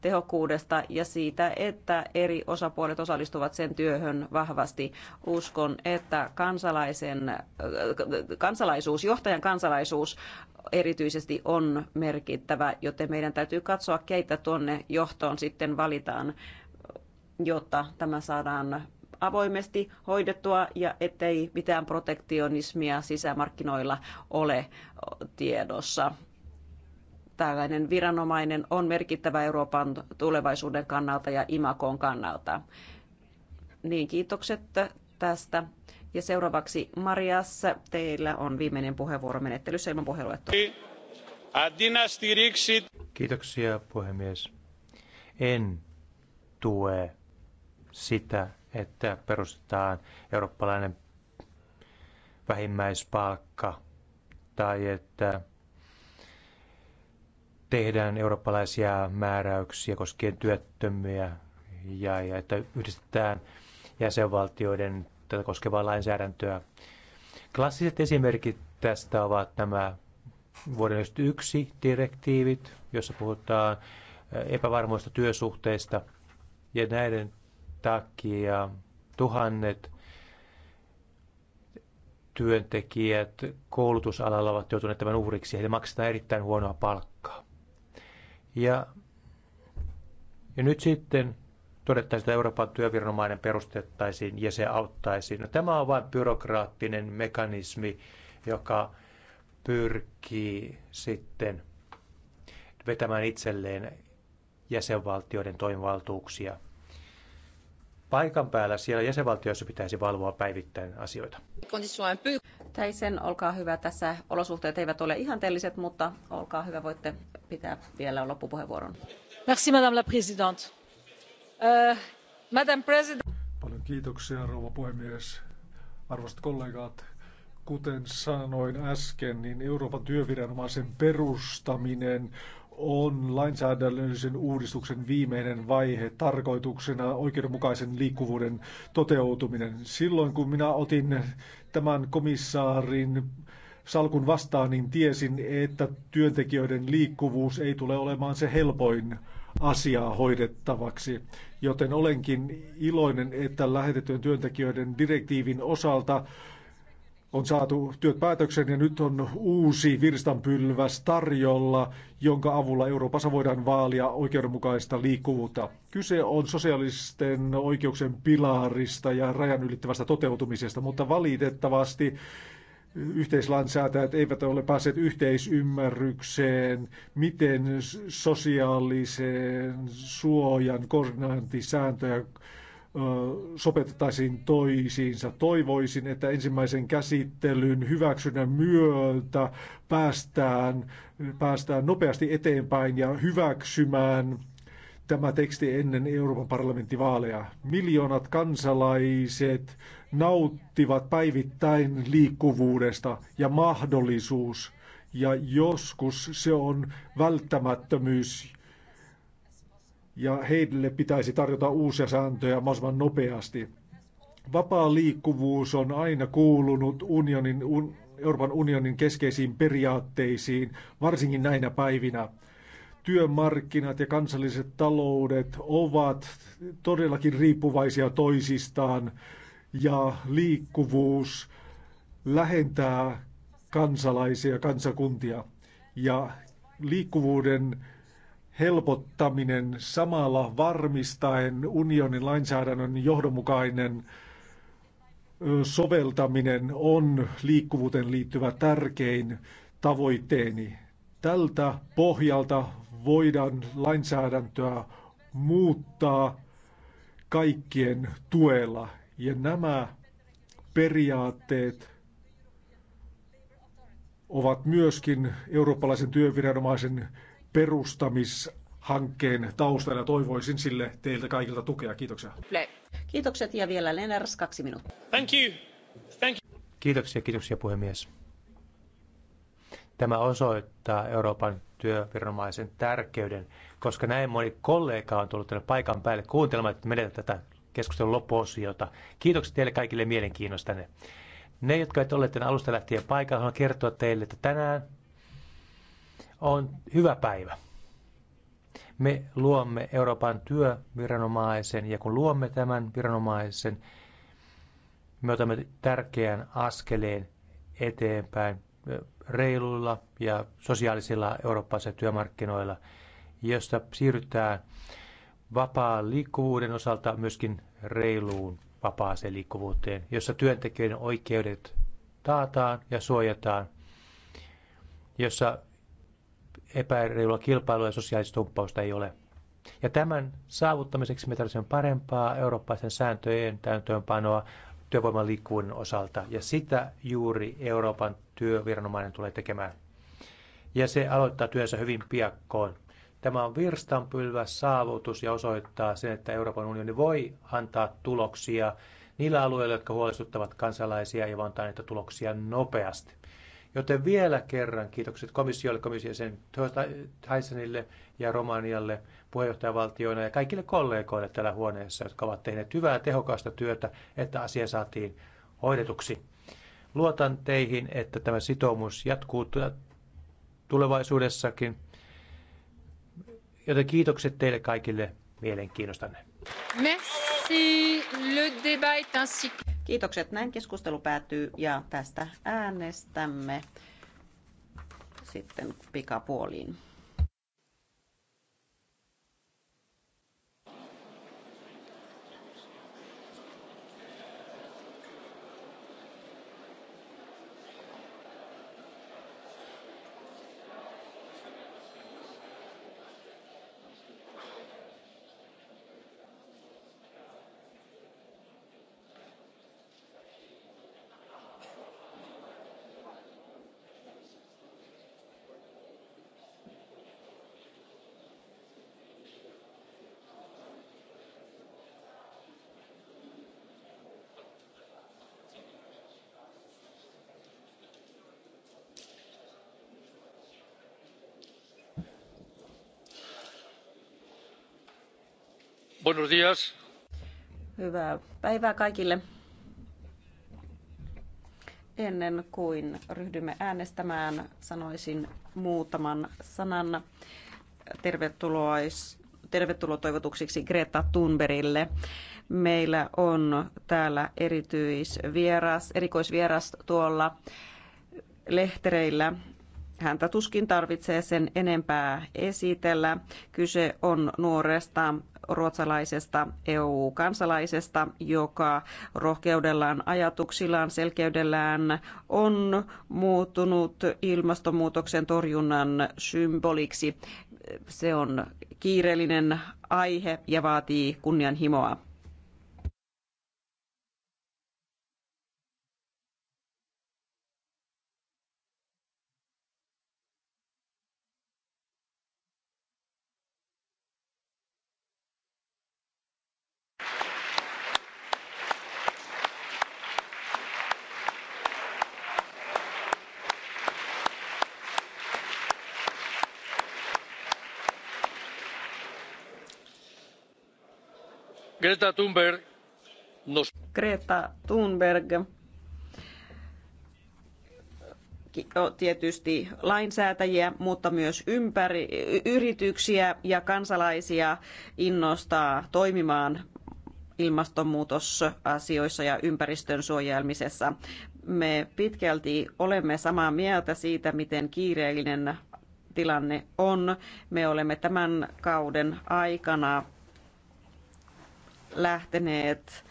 tehokkuudesta ja siitä, että eri osapuolet osallistuvat sen työhön vahvasti. Uskon, että kansalaisen, kansalaisuus, johtajan kansalaisuus erityisesti on merkittävä, joten meidän täytyy katsoa, keitä tuonne johtoon sitten valitaan, jotta tämä saadaan avoimesti hoidettua ja ettei mitään protektionismia sisämarkkinoilla ole tiedossa tällainen viranomainen on merkittävä Euroopan tulevaisuuden kannalta ja Imakon kannalta. Niin, kiitokset tästä. Ja seuraavaksi Marias, teillä on viimeinen puheenvuoro menettelyssä ilman Kiitoksia puhemies. En tue sitä, että perustetaan eurooppalainen vähimmäispalkka tai että tehdään eurooppalaisia määräyksiä koskien työttömiä ja, ja että yhdistetään jäsenvaltioiden tätä koskevaa lainsäädäntöä. Klassiset esimerkit tästä ovat nämä vuoden 1991 direktiivit, jossa puhutaan eh, epävarmoista työsuhteista ja näiden takia tuhannet työntekijät koulutusalalla ovat joutuneet tämän uhriksi. Heille maksetaan erittäin huonoa palkkaa ja, ja nyt sitten todettaisiin, että Euroopan työviranomainen perustettaisiin ja se auttaisi. No, tämä on vain byrokraattinen mekanismi, joka pyrkii sitten vetämään itselleen jäsenvaltioiden toimivaltuuksia. Paikan päällä siellä jäsenvaltioissa pitäisi valvoa päivittäin asioita. Täisen, olkaa hyvä. Tässä olosuhteet eivät ole ihanteelliset, mutta olkaa hyvä, voitte pitää vielä loppupuheenvuoron. Merci, madame la présidente. Uh, madame president... Paljon kiitoksia, rouva puhemies. Arvoisat kollegat, kuten sanoin äsken, niin Euroopan työviranomaisen perustaminen on lainsäädännöllisen uudistuksen viimeinen vaihe tarkoituksena oikeudenmukaisen liikkuvuuden toteutuminen. Silloin kun minä otin tämän komissaarin salkun vastaan, niin tiesin, että työntekijöiden liikkuvuus ei tule olemaan se helpoin asiaa hoidettavaksi. Joten olenkin iloinen, että lähetettyjen työntekijöiden direktiivin osalta on saatu työt päätöksen ja nyt on uusi virstanpylväs tarjolla, jonka avulla Euroopassa voidaan vaalia oikeudenmukaista liikkuvuutta. Kyse on sosiaalisten oikeuksien pilarista ja rajan ylittävästä toteutumisesta, mutta valitettavasti yhteislainsäätäjät eivät ole päässeet yhteisymmärrykseen, miten sosiaalisen suojan koordinaantisääntöjä sopetettaisiin toisiinsa. Toivoisin, että ensimmäisen käsittelyn hyväksynnän myötä päästään, päästään nopeasti eteenpäin ja hyväksymään tämä teksti ennen Euroopan parlamentin vaaleja. Miljoonat kansalaiset nauttivat päivittäin liikkuvuudesta ja mahdollisuus, ja joskus se on välttämättömyys ja heille pitäisi tarjota uusia sääntöjä mahdollisimman nopeasti. Vapaa liikkuvuus on aina kuulunut unionin, un, Euroopan unionin keskeisiin periaatteisiin, varsinkin näinä päivinä. Työmarkkinat ja kansalliset taloudet ovat todellakin riippuvaisia toisistaan ja liikkuvuus lähentää kansalaisia, kansakuntia. Ja liikkuvuuden helpottaminen samalla varmistaen unionin lainsäädännön johdonmukainen soveltaminen on liikkuvuuteen liittyvä tärkein tavoitteeni. Tältä pohjalta voidaan lainsäädäntöä muuttaa kaikkien tuella. Ja nämä periaatteet ovat myöskin eurooppalaisen työviranomaisen perustamishankkeen taustalla. Toivoisin sille teiltä kaikilta tukea. Kiitoksia. Kiitokset ja vielä Lenners, kaksi minuuttia. Thank you. Thank you. Kiitoksia, kiitoksia puhemies. Tämä osoittaa Euroopan työviranomaisen tärkeyden, koska näin moni kollega on tullut tänne paikan päälle kuuntelemaan, että menetään tätä keskustelun loppuosiota. Kiitokset teille kaikille mielenkiinnostanne. Ne, jotka et ole tänne alusta lähtien paikalla, haluan kertoa teille, että tänään on hyvä päivä. Me luomme Euroopan työviranomaisen ja kun luomme tämän viranomaisen, me otamme tärkeän askeleen eteenpäin reiluilla ja sosiaalisilla eurooppalaisilla työmarkkinoilla, josta siirrytään vapaan liikkuvuuden osalta myöskin reiluun vapaaseen liikkuvuuteen, jossa työntekijöiden oikeudet taataan ja suojataan, jossa epäreilua kilpailua ja sosiaalista tumppausta ei ole. Ja tämän saavuttamiseksi me tarvitsemme parempaa eurooppaisten sääntöjen täytäntöönpanoa työvoiman liikkuvuuden osalta. Ja sitä juuri Euroopan työviranomainen tulee tekemään. Ja se aloittaa työnsä hyvin piakkoon. Tämä on virstanpylvä saavutus ja osoittaa sen, että Euroopan unioni voi antaa tuloksia niillä alueilla, jotka huolestuttavat kansalaisia ja antaa niitä tuloksia nopeasti. Joten vielä kerran kiitokset komissiolle, komission sen Tysonille ja Romanialle puheenjohtajavaltioina ja kaikille kollegoille täällä huoneessa, jotka ovat tehneet hyvää tehokasta työtä, että asia saatiin hoidetuksi. Luotan teihin, että tämä sitoumus jatkuu tulevaisuudessakin. Joten kiitokset teille kaikille mielenkiinnostanne. Merci. Le débat est ainsi Kiitokset. Näin keskustelu päättyy ja tästä äänestämme sitten pikapuoliin. Buenos días. Hyvää päivää kaikille. Ennen kuin ryhdymme äänestämään, sanoisin muutaman sanan tervetulotoivotuksiksi toivotuksiksi Greta Thunbergille. Meillä on täällä erityisvieras, erikoisvieras tuolla lehtereillä häntä tuskin tarvitsee sen enempää esitellä. Kyse on nuoresta ruotsalaisesta EU-kansalaisesta, joka rohkeudellaan, ajatuksillaan, selkeydellään on muuttunut ilmastonmuutoksen torjunnan symboliksi. Se on kiireellinen aihe ja vaatii kunnianhimoa. Greta Thunberg nos... Greta Thunberg tietysti lainsäätäjiä, mutta myös ympäri, yrityksiä ja kansalaisia innostaa toimimaan ilmastonmuutosasioissa ja ympäristön suojelmisessa. Me pitkälti olemme samaa mieltä siitä, miten kiireellinen tilanne on. Me olemme tämän kauden aikana lähteneet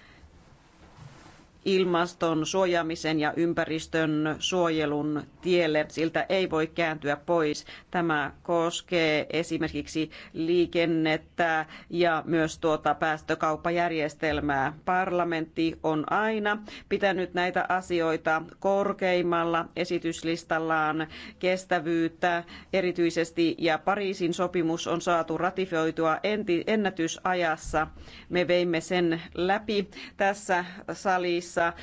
ilmaston suojaamisen ja ympäristön suojelun tielle. Siltä ei voi kääntyä pois. Tämä koskee esimerkiksi liikennettä ja myös tuota päästökauppajärjestelmää. Parlamentti on aina pitänyt näitä asioita korkeimmalla esityslistallaan kestävyyttä erityisesti ja Pariisin sopimus on saatu ratifioitua ennätysajassa. Me veimme sen läpi tässä salissa Pekingissa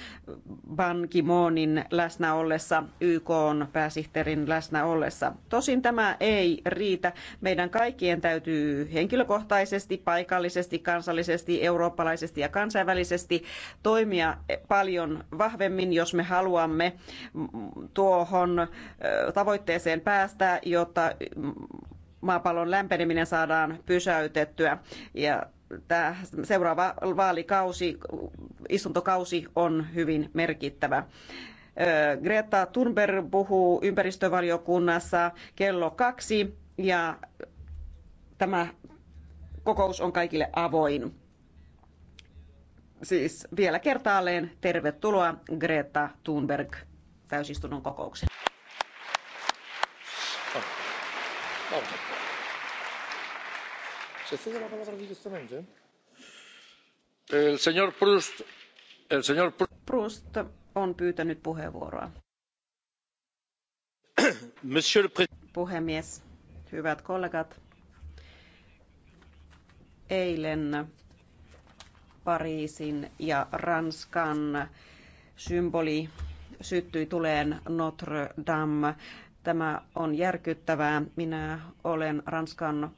Ban Ki-moonin läsnä ollessa, YK on pääsihteerin läsnä ollessa. Tosin tämä ei riitä. Meidän kaikkien täytyy henkilökohtaisesti, paikallisesti, kansallisesti, eurooppalaisesti ja kansainvälisesti toimia paljon vahvemmin, jos me haluamme tuohon tavoitteeseen päästä, jotta maapallon lämpeneminen saadaan pysäytettyä. Ja Tämä seuraava vaalikausi, istuntokausi on hyvin merkittävä. Greta Thunberg puhuu ympäristövaliokunnassa kello kaksi ja tämä kokous on kaikille avoin. Siis vielä kertaalleen tervetuloa Greta Thunberg täysistunnon kokoukseen. Oh. Oh proust on pyytänyt puheenvuoroa. puhemies hyvät kollegat eilen pariisin ja ranskan symboli syttyi tuleen notre dame. tämä on järkyttävää. minä olen ranskan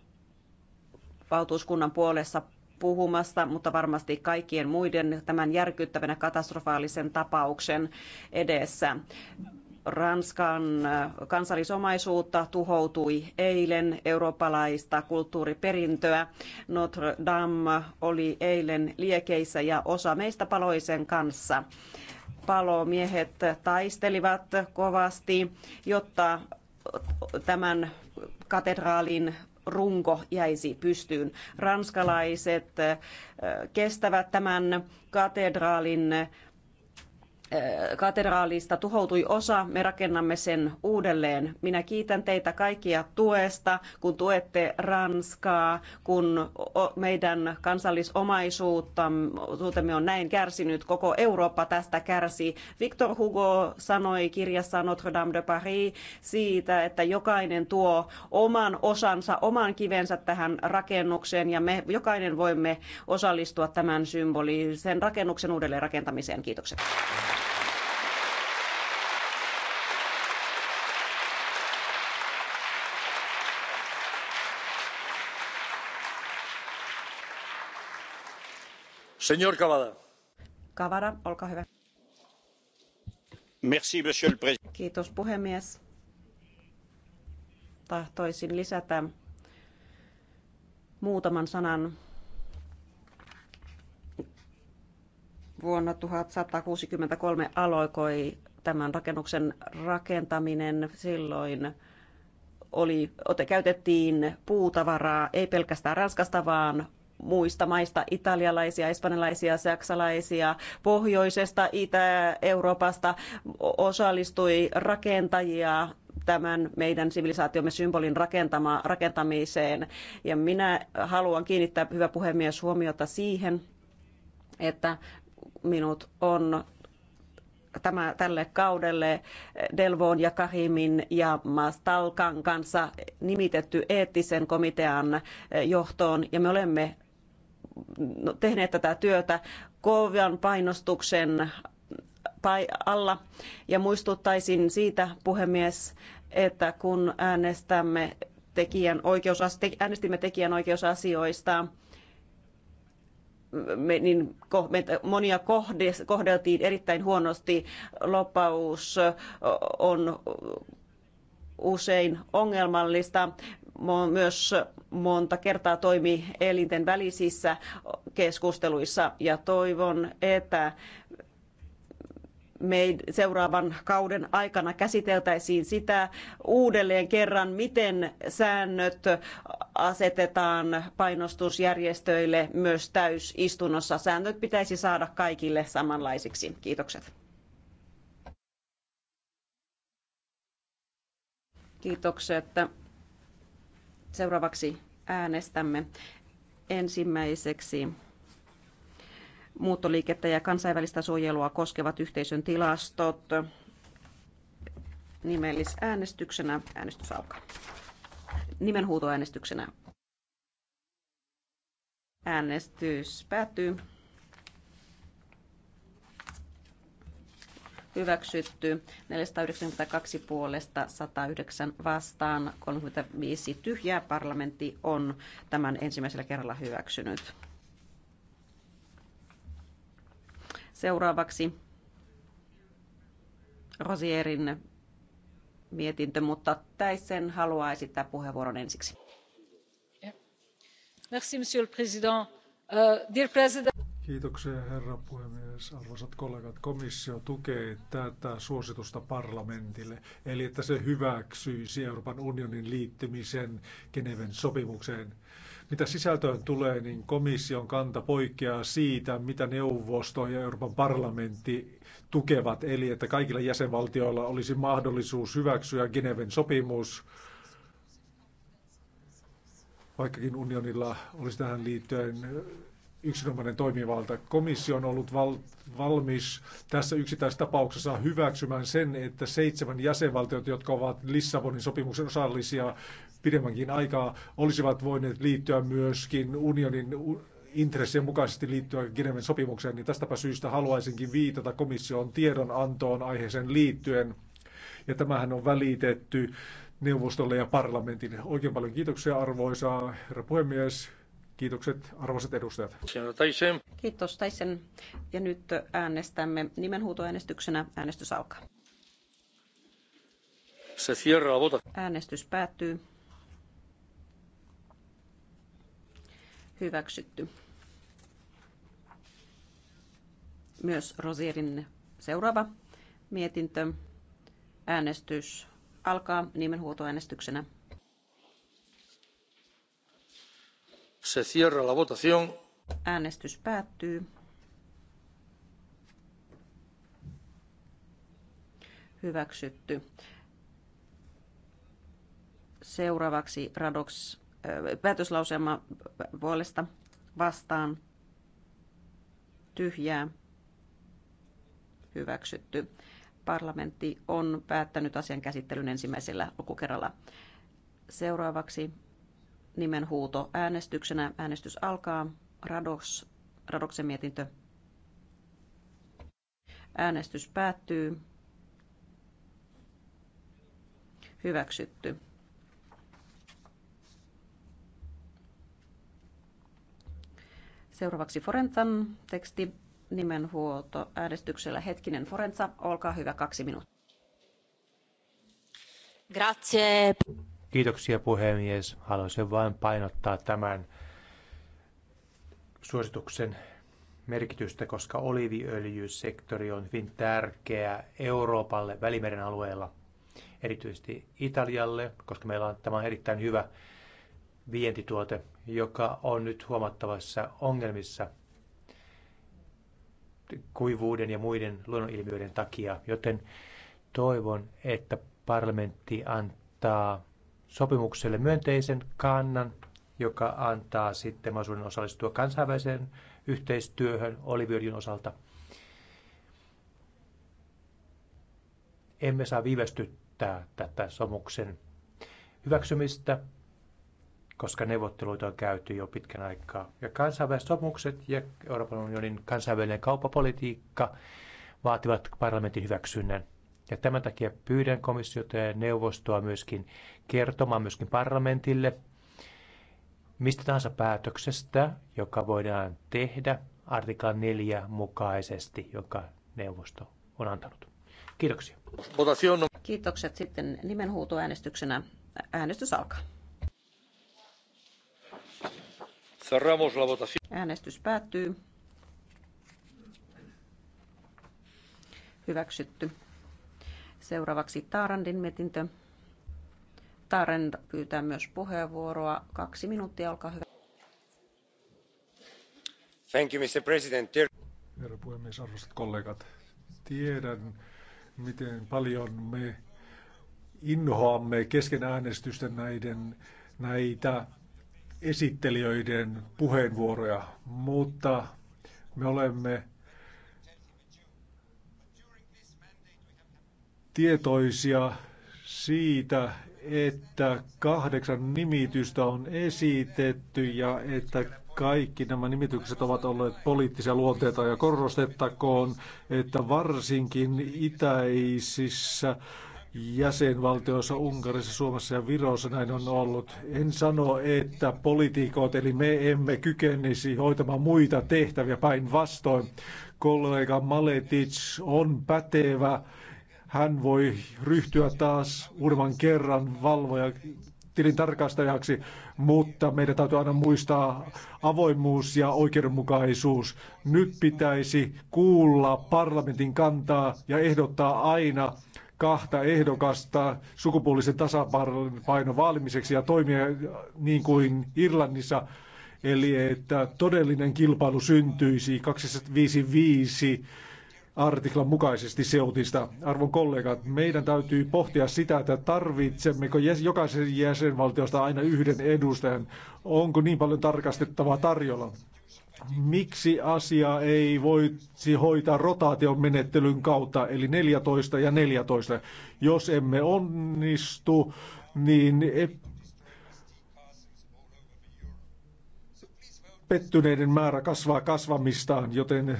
valtuuskunnan puolessa puhumasta, mutta varmasti kaikkien muiden tämän järkyttävänä katastrofaalisen tapauksen edessä. Ranskan äh, kansallisomaisuutta tuhoutui eilen eurooppalaista kulttuuriperintöä. Notre Dame oli eilen liekeissä ja osa meistä paloi sen kanssa. Palomiehet taistelivat kovasti, jotta tämän katedraalin runko jäisi pystyyn. Ranskalaiset eh, kestävät tämän katedraalin katedraalista tuhoutui osa, me rakennamme sen uudelleen. Minä kiitän teitä kaikkia tuesta, kun tuette Ranskaa, kun meidän kansallisomaisuutemme on näin kärsinyt, koko Eurooppa tästä kärsii. Victor Hugo sanoi kirjassaan Notre Dame de Paris siitä, että jokainen tuo oman osansa, oman kivensä tähän rakennukseen ja me jokainen voimme osallistua tämän symbolisen rakennuksen uudelleen rakentamiseen. Kiitokset. arvoisa Kiitos puhemies. Tahtoisin lisätä muutaman sanan vuonna satakuusikymmentäkolme aloikoi tämän rakennuksen rakentaminen. Silloin oli, käytettiin puutavaraa ei pelkästään Ranskasta, vaan muista maista, italialaisia, espanjalaisia, saksalaisia, pohjoisesta, Itä-Euroopasta osallistui rakentajia tämän meidän sivilisaatiomme symbolin rakentama, rakentamiseen. Ja minä haluan kiinnittää, hyvä puhemies, huomiota siihen, että minut on tämä, tälle kaudelle Delvon ja Kahimin ja Mastalkan kanssa nimitetty eettisen komitean johtoon, ja me olemme No, tehneet tätä työtä kovan painostuksen alla. Ja muistuttaisin siitä, puhemies, että kun äänestämme tekijän oikeusas, te, äänestimme tekijänoikeusasioista, me, niin, me, monia kohde, kohdeltiin erittäin huonosti. Lopaus on usein ongelmallista myös monta kertaa toimi elinten välisissä keskusteluissa ja toivon, että meid, seuraavan kauden aikana käsiteltäisiin sitä uudelleen kerran, miten säännöt asetetaan painostusjärjestöille myös täysistunnossa. Säännöt pitäisi saada kaikille samanlaisiksi. Kiitokset. Kiitokset Seuraavaksi äänestämme ensimmäiseksi muuttoliikettä ja kansainvälistä suojelua koskevat yhteisön tilastot nimellisäänestyksenä. Äänestys alkaa. Nimenhuutoäänestyksenä. Äänestys päättyy. hyväksytty 492 puolesta 109 vastaan 35 tyhjää. Parlamentti on tämän ensimmäisellä kerralla hyväksynyt. Seuraavaksi Rosierin mietintö, mutta Täisen haluaa esittää puheenvuoron ensiksi. Merci, monsieur le président. Uh, dear president... Kiitoksia herra puhemies. Arvoisat kollegat, komissio tukee tätä suositusta parlamentille, eli että se hyväksyisi Euroopan unionin liittymisen Geneven sopimukseen. Mitä sisältöön tulee, niin komission kanta poikkeaa siitä, mitä neuvosto ja Euroopan parlamentti tukevat, eli että kaikilla jäsenvaltioilla olisi mahdollisuus hyväksyä Geneven sopimus, vaikkakin unionilla olisi tähän liittyen yksinomainen toimivalta. Komissio on ollut val- valmis tässä yksittäisessä tapauksessa hyväksymään sen, että seitsemän jäsenvaltiot, jotka ovat Lissabonin sopimuksen osallisia pidemmänkin aikaa, olisivat voineet liittyä myöskin unionin intressien mukaisesti liittyä Geneven sopimukseen, niin tästäpä syystä haluaisinkin viitata komission tiedonantoon aiheeseen liittyen. Ja tämähän on välitetty neuvostolle ja parlamentille. Oikein paljon kiitoksia arvoisa herra puhemies. Kiitokset arvoisat edustajat. Kiitos Taisen. Ja nyt äänestämme nimenhuutoäänestyksenä. Äänestys alkaa. Se cierra Äänestys päättyy. Hyväksytty. Myös Rosierin seuraava mietintö. Äänestys alkaa nimenhuutoäänestyksenä. Se cierra la votación. Äänestys päättyy. Hyväksytty. Seuraavaksi Radox äh, päätöslauselma puolesta vastaan tyhjää hyväksytty. Parlamentti on päättänyt asian käsittelyn ensimmäisellä lukukerralla. Seuraavaksi nimenhuuto äänestyksenä. Äänestys alkaa. Rados, Radoksen mietintö. Äänestys päättyy. Hyväksytty. Seuraavaksi Forentan teksti nimenhuolto äänestyksellä. Hetkinen Forenza, olkaa hyvä kaksi minuuttia. Grazie. Kiitoksia puhemies. Haluaisin vain painottaa tämän suosituksen merkitystä, koska oliiviöljysektori on hyvin tärkeä Euroopalle Välimeren alueella, erityisesti Italialle, koska meillä on tämä on erittäin hyvä vientituote, joka on nyt huomattavassa ongelmissa kuivuuden ja muiden luonnonilmiöiden takia, joten toivon, että parlamentti antaa sopimukselle myönteisen kannan, joka antaa sitten mahdollisuuden osallistua kansainväliseen yhteistyöhön oliviöljyn osalta. Emme saa viivästyttää tätä sopimuksen hyväksymistä, koska neuvotteluita on käyty jo pitkän aikaa. Ja kansainväliset sopimukset ja Euroopan unionin kansainvälinen kauppapolitiikka vaativat parlamentin hyväksynnän. Ja tämän takia pyydän komissiota ja neuvostoa myöskin kertomaan myöskin parlamentille mistä tahansa päätöksestä, joka voidaan tehdä artiklan 4 mukaisesti, joka neuvosto on antanut. Kiitoksia. Kiitokset sitten nimenhuutoäänestyksenä. Äänestys alkaa. Äänestys päättyy. Hyväksytty. Seuraavaksi Taarandin mietintö. Taarand pyytää myös puheenvuoroa. Kaksi minuuttia, olkaa hyvä. Thank you, Mr. President. Herra puhemies, arvoisat kollegat. Tiedän, miten paljon me inhoamme kesken äänestystä näiden, näitä esittelijöiden puheenvuoroja, mutta me olemme tietoisia siitä, että kahdeksan nimitystä on esitetty ja että kaikki nämä nimitykset ovat olleet poliittisia luonteita ja korostettakoon, että varsinkin itäisissä jäsenvaltioissa, Unkarissa, Suomessa ja Virossa näin on ollut. En sano, että poliitikot, eli me emme kykenisi hoitamaan muita tehtäviä päinvastoin. Kollega Maletic on pätevä hän voi ryhtyä taas uudemman kerran valvoja tilintarkastajaksi, mutta meidän täytyy aina muistaa avoimuus ja oikeudenmukaisuus. Nyt pitäisi kuulla parlamentin kantaa ja ehdottaa aina kahta ehdokasta sukupuolisen tasapainon vaalimiseksi ja toimia niin kuin Irlannissa, eli että todellinen kilpailu syntyisi 255 artiklan mukaisesti seutista. Arvon kollegat, meidän täytyy pohtia sitä, että tarvitsemmeko jokaisen jäsenvaltiosta aina yhden edustajan. Onko niin paljon tarkastettavaa tarjolla? Miksi asia ei voisi hoitaa rotaation menettelyn kautta, eli 14 ja 14? Jos emme onnistu, niin e- pettyneiden määrä kasvaa kasvamistaan, joten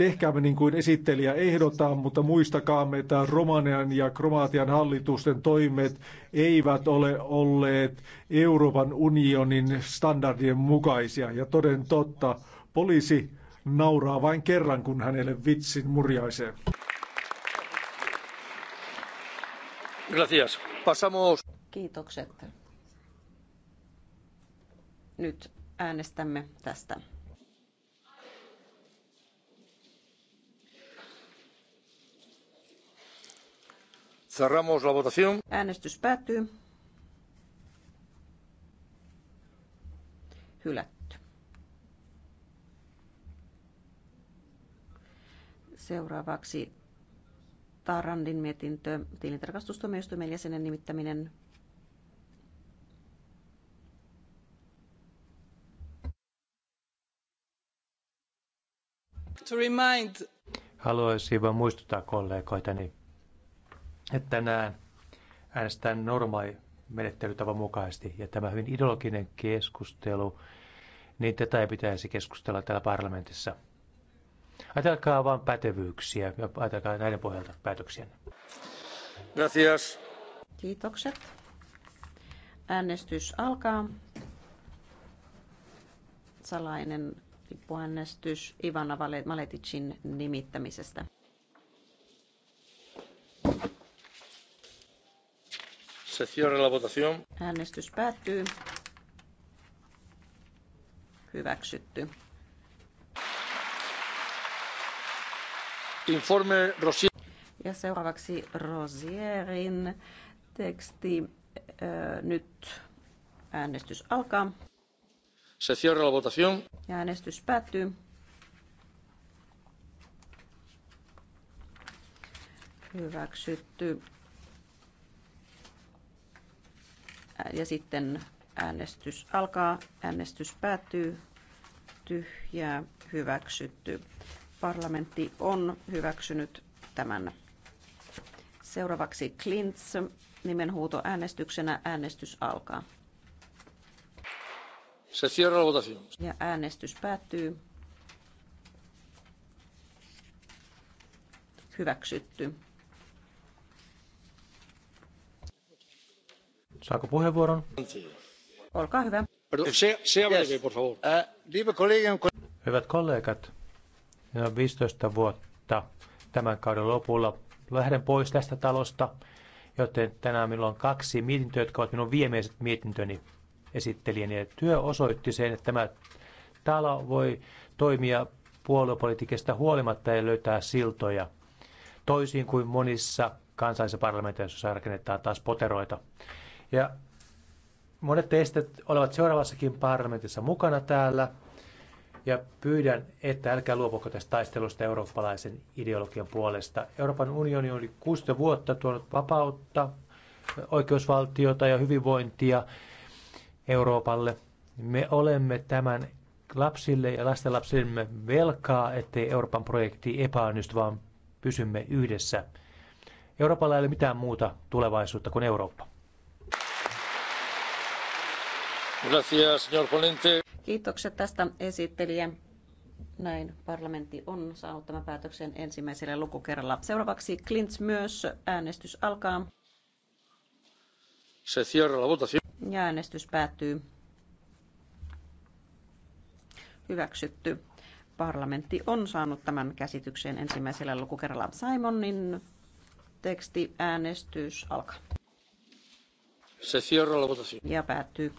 Tehkäämme niin kuin esittelijä ehdottaa, mutta muistakaamme, että Romanian ja Kromaatian hallitusten toimet eivät ole olleet Euroopan unionin standardien mukaisia. Ja toden totta, poliisi nauraa vain kerran, kun hänelle vitsin murjaisee. Gracias. Pasamos. Kiitokset. Nyt äänestämme tästä. Cerramos la votación. Äänestys päättyy. Hylätty. Seuraavaksi Tarandin mietintö, tilintarkastustuomioistuimen jäsenen nimittäminen. To remind. Haluaisin vain muistuttaa kollegoitani että nämä äänestetään normaali menettelytavan mukaisesti. Ja tämä hyvin ideologinen keskustelu, niin tätä ei pitäisi keskustella täällä parlamentissa. Ajatelkaa vain pätevyyksiä ja ajatelkaa näiden pohjalta päätöksiä. Gracias. Kiitokset. Äänestys alkaa. Salainen lippuäänestys Ivana Maleticin nimittämisestä. Se cierra la votación. Äänestys päättyy. Hyväksytty. Informe Rosier. Ja seuraavaksi Rosierin teksti. Nyt äänestys alkaa. Se cierra la votación. Ja äänestys päättyy. Hyväksytty ja sitten äänestys alkaa, äänestys päättyy, tyhjää, hyväksytty. Parlamentti on hyväksynyt tämän. Seuraavaksi Klints, nimenhuuto äänestyksenä, äänestys alkaa. Se Ja äänestys päättyy. Hyväksytty. Saako puheenvuoron? Olkaa hyvä. Uh, Hyvät kollegat, 15 vuotta tämän kauden lopulla lähden pois tästä talosta, joten tänään minulla on kaksi mietintöä, jotka ovat minun viimeiset mietintöni esittelijäni. Ja työ osoitti sen, että tämä talo voi toimia puoluepolitiikasta huolimatta ja löytää siltoja, toisin kuin monissa kansallisissa parlamenteissa, joissa rakennetaan taas poteroita. Ja monet teistä olevat seuraavassakin parlamentissa mukana täällä. Ja pyydän, että älkää luopuko tästä taistelusta eurooppalaisen ideologian puolesta. Euroopan unioni on 60 vuotta tuonut vapautta, oikeusvaltiota ja hyvinvointia Euroopalle. Me olemme tämän lapsille ja lastenlapsille velkaa, ettei Euroopan projekti epäonnistu, vaan pysymme yhdessä. Euroopalla ei ole mitään muuta tulevaisuutta kuin Eurooppa. Kiitokset tästä esittelijä. Näin parlamentti on saanut tämän päätöksen ensimmäisellä lukukerralla. Seuraavaksi Klintz myös äänestys alkaa. Se la Ja äänestys päättyy. Hyväksytty. Parlamentti on saanut tämän käsityksen ensimmäisellä lukukerralla. Simonin teksti äänestys alkaa. Se cierra la Ja päättyy.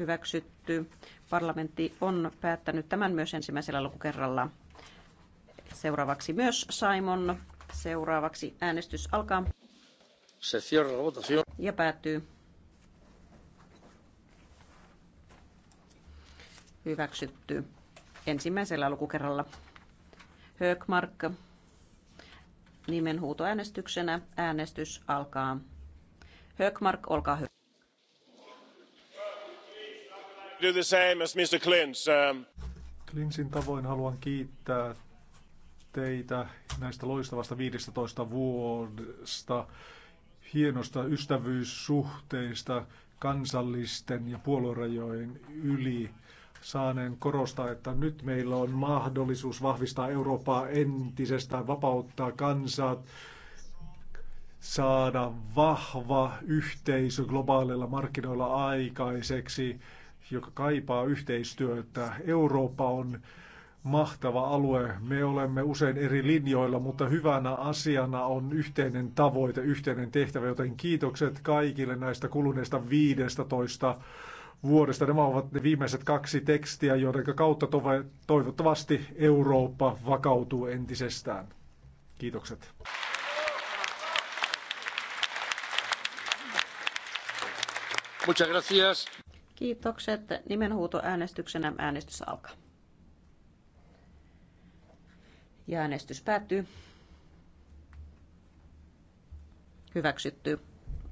hyväksytty. Parlamentti on päättänyt tämän myös ensimmäisellä lukukerralla. Seuraavaksi myös Simon. Seuraavaksi äänestys alkaa. Se cierra Ja päättyy. Hyväksytty ensimmäisellä lukukerralla. Höökmark. Nimenhuutoäänestyksenä äänestys alkaa. Höökmark, olkaa hyvä do the same as Mr. Um. tavoin haluan kiittää teitä näistä loistavasta 15 vuodesta, hienosta ystävyyssuhteista kansallisten ja puoluerajojen yli. Saaneen korostaa, että nyt meillä on mahdollisuus vahvistaa Eurooppaa entisestään, vapauttaa kansat, saada vahva yhteisö globaaleilla markkinoilla aikaiseksi joka kaipaa yhteistyötä. Eurooppa on mahtava alue. Me olemme usein eri linjoilla, mutta hyvänä asiana on yhteinen tavoite, yhteinen tehtävä, joten kiitokset kaikille näistä kuluneista 15 vuodesta. Nämä ovat ne viimeiset kaksi tekstiä, joiden kautta toivottavasti Eurooppa vakautuu entisestään. Kiitokset. Muchas gracias. Kiitokset. Nimenhuutoäänestyksenä äänestys alkaa. Ja äänestys päättyy. Hyväksytty.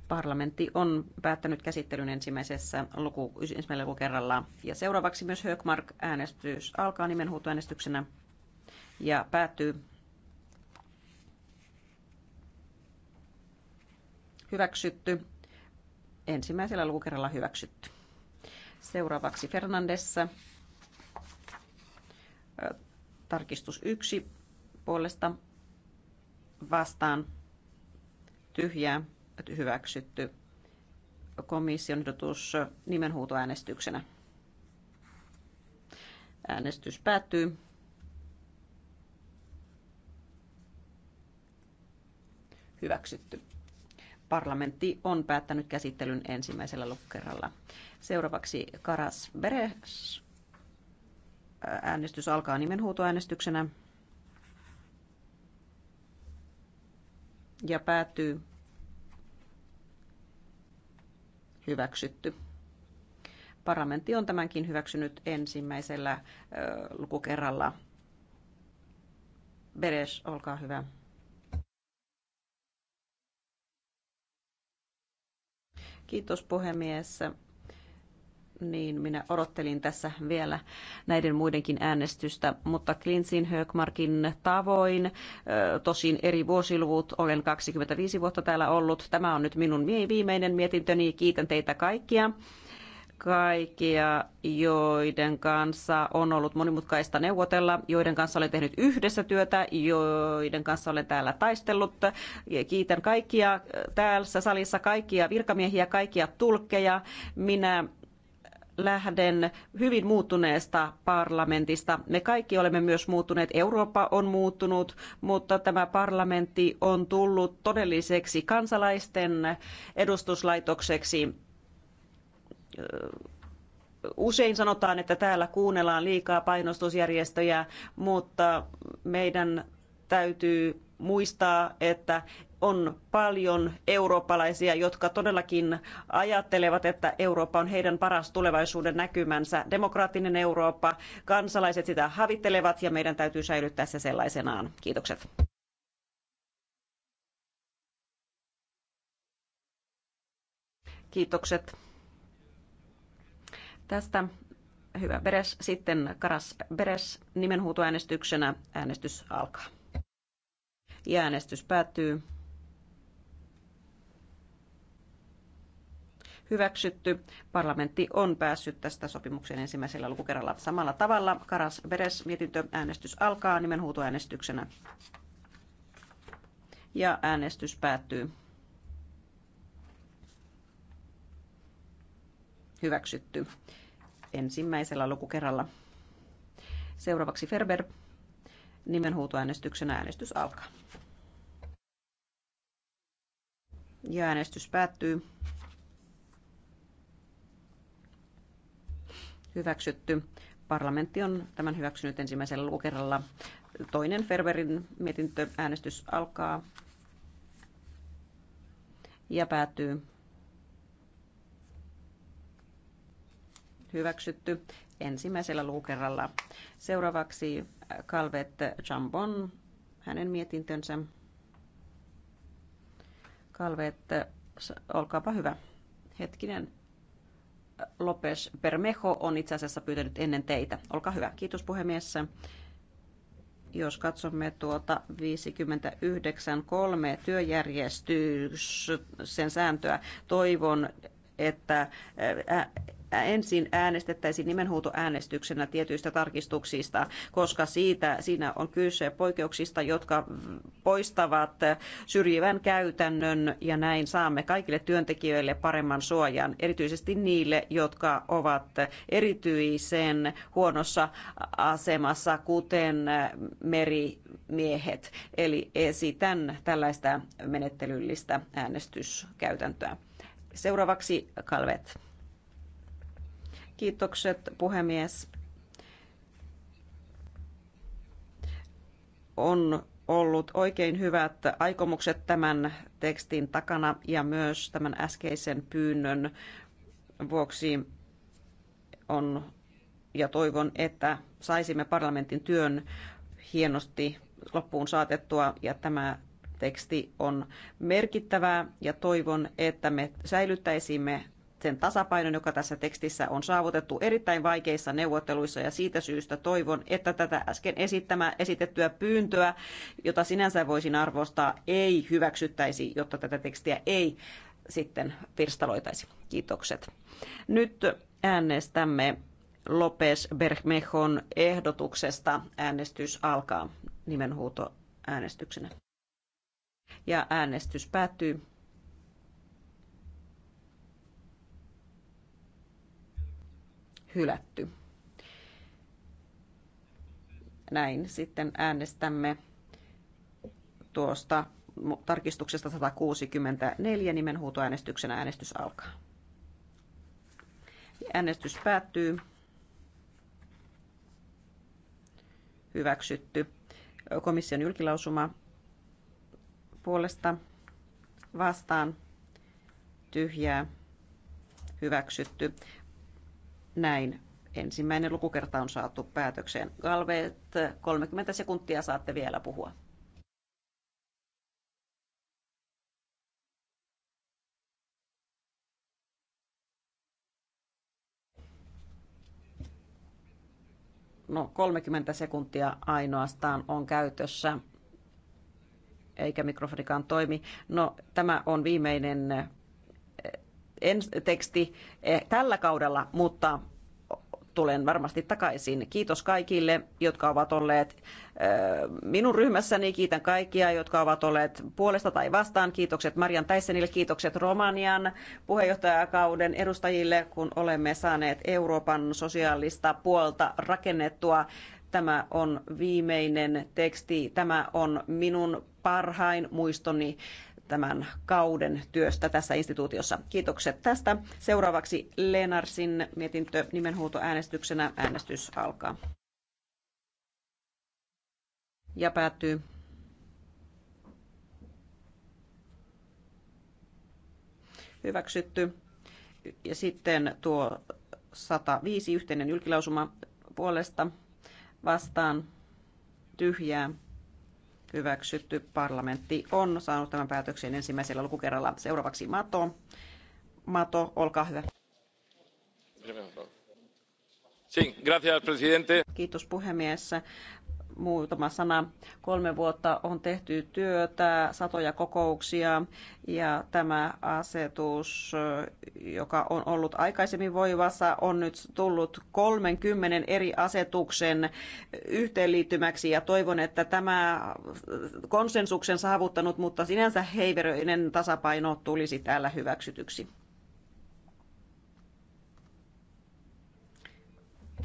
Parlamentti on päättänyt käsittelyn ensimmäisessä luku, ensimmäisellä lukukerralla. Ja seuraavaksi myös Högmark äänestys alkaa nimenhuutoäänestyksenä ja päättyy. Hyväksytty. Ensimmäisellä lukukerralla hyväksytty. Seuraavaksi Fernandessa. Tarkistus yksi puolesta vastaan tyhjää hyväksytty komission ehdotus nimenhuutoäänestyksenä. Äänestys päättyy. Hyväksytty parlamentti on päättänyt käsittelyn ensimmäisellä lukukerralla. Seuraavaksi Karas Beres. Äänestys alkaa nimenhuutoäänestyksenä ja päättyy hyväksytty. Parlamentti on tämänkin hyväksynyt ensimmäisellä lukukerralla. Beres, olkaa hyvä. Kiitos puhemies. Niin, minä odottelin tässä vielä näiden muidenkin äänestystä, mutta Klinsin Högmarkin tavoin, tosin eri vuosiluvut, olen 25 vuotta täällä ollut. Tämä on nyt minun viimeinen mietintöni, kiitän teitä kaikkia kaikkia, joiden kanssa on ollut monimutkaista neuvotella, joiden kanssa olen tehnyt yhdessä työtä, joiden kanssa olen täällä taistellut. Kiitän kaikkia äh, täällä salissa, kaikkia virkamiehiä, kaikkia tulkkeja. Minä lähden hyvin muuttuneesta parlamentista. Me kaikki olemme myös muuttuneet, Eurooppa on muuttunut, mutta tämä parlamentti on tullut todelliseksi kansalaisten edustuslaitokseksi Usein sanotaan, että täällä kuunnellaan liikaa painostusjärjestöjä, mutta meidän täytyy muistaa, että on paljon eurooppalaisia, jotka todellakin ajattelevat, että Eurooppa on heidän paras tulevaisuuden näkymänsä. Demokraattinen Eurooppa, kansalaiset sitä havittelevat ja meidän täytyy säilyttää se sellaisenaan. Kiitokset. Kiitokset. Tästä hyvä Beres. Sitten Karas Beres nimenhuutoäänestyksenä äänestys alkaa. Ja äänestys päättyy. hyväksytty. Parlamentti on päässyt tästä sopimukseen ensimmäisellä lukukerralla samalla tavalla. Karas Beres mietintö äänestys alkaa nimenhuutoäänestyksenä. Ja äänestys päättyy. hyväksytty ensimmäisellä lukukerralla. Seuraavaksi Ferber. Nimenhuutoäänestyksen äänestys alkaa. Ja äänestys päättyy. Hyväksytty. Parlamentti on tämän hyväksynyt ensimmäisellä lukukerralla. Toinen Ferberin mietintöäänestys alkaa ja päättyy. hyväksytty ensimmäisellä luukerralla. Seuraavaksi Calvet Chambon, hänen mietintönsä. Calvet, olkaapa hyvä. Hetkinen. Lopes Bermejo on itse asiassa pyytänyt ennen teitä. Olkaa hyvä. Kiitos puhemies jos katsomme tuota 59.3 työjärjestys, sen sääntöä, toivon, että ensin äänestettäisiin nimenhuutoäänestyksenä tietyistä tarkistuksista, koska siitä siinä on kyse poikkeuksista, jotka poistavat syrjivän käytännön ja näin saamme kaikille työntekijöille paremman suojan, erityisesti niille, jotka ovat erityisen huonossa asemassa, kuten merimiehet. Eli esitän tällaista menettelyllistä äänestyskäytäntöä. Seuraavaksi Kalvet. Kiitokset puhemies. On ollut oikein hyvät aikomukset tämän tekstin takana ja myös tämän äskeisen pyynnön vuoksi on ja toivon, että saisimme parlamentin työn hienosti loppuun saatettua ja tämä teksti on merkittävää ja toivon, että me säilyttäisimme sen tasapainon, joka tässä tekstissä on saavutettu erittäin vaikeissa neuvotteluissa ja siitä syystä toivon, että tätä äsken esittämä, esitettyä pyyntöä, jota sinänsä voisin arvostaa, ei hyväksyttäisi, jotta tätä tekstiä ei sitten pirstaloitaisi. Kiitokset. Nyt äänestämme Lopes Bergmehon ehdotuksesta. Äänestys alkaa nimenhuuto äänestyksenä. Ja äänestys päättyy. hylätty. Näin sitten äänestämme tuosta tarkistuksesta 164 nimenhuutoäänestyksenä äänestys alkaa. Äänestys päättyy. Hyväksytty. Komission julkilausuma puolesta vastaan tyhjää hyväksytty. Näin ensimmäinen lukukerta on saatu päätökseen. Galveet, 30 sekuntia saatte vielä puhua. No 30 sekuntia ainoastaan on käytössä, eikä mikrofonikaan toimi. No tämä on viimeinen en teksti eh, tällä kaudella, mutta tulen varmasti takaisin. Kiitos kaikille, jotka ovat olleet eh, minun ryhmässäni. Kiitän kaikkia, jotka ovat olleet puolesta tai vastaan. Kiitokset Marian Täissenille, kiitokset Romanian puheenjohtajakauden edustajille, kun olemme saaneet Euroopan sosiaalista puolta rakennettua. Tämä on viimeinen teksti. Tämä on minun parhain muistoni tämän kauden työstä tässä instituutiossa. Kiitokset tästä. Seuraavaksi Lenarsin mietintö nimenhuutoäänestyksenä. Äänestys alkaa. Ja päättyy. Hyväksytty. Ja sitten tuo 105 yhteinen julkilausuma puolesta vastaan tyhjää hyväksytty. Parlamentti on saanut tämän päätöksen ensimmäisellä lukukerralla. Seuraavaksi Mato. Mato, olkaa hyvä. Kiitos puhemies muutama sana. Kolme vuotta on tehty työtä, satoja kokouksia ja tämä asetus, joka on ollut aikaisemmin voivassa, on nyt tullut 30 eri asetuksen yhteenliittymäksi ja toivon, että tämä konsensuksen saavuttanut, mutta sinänsä heiveröinen tasapaino tulisi täällä hyväksytyksi.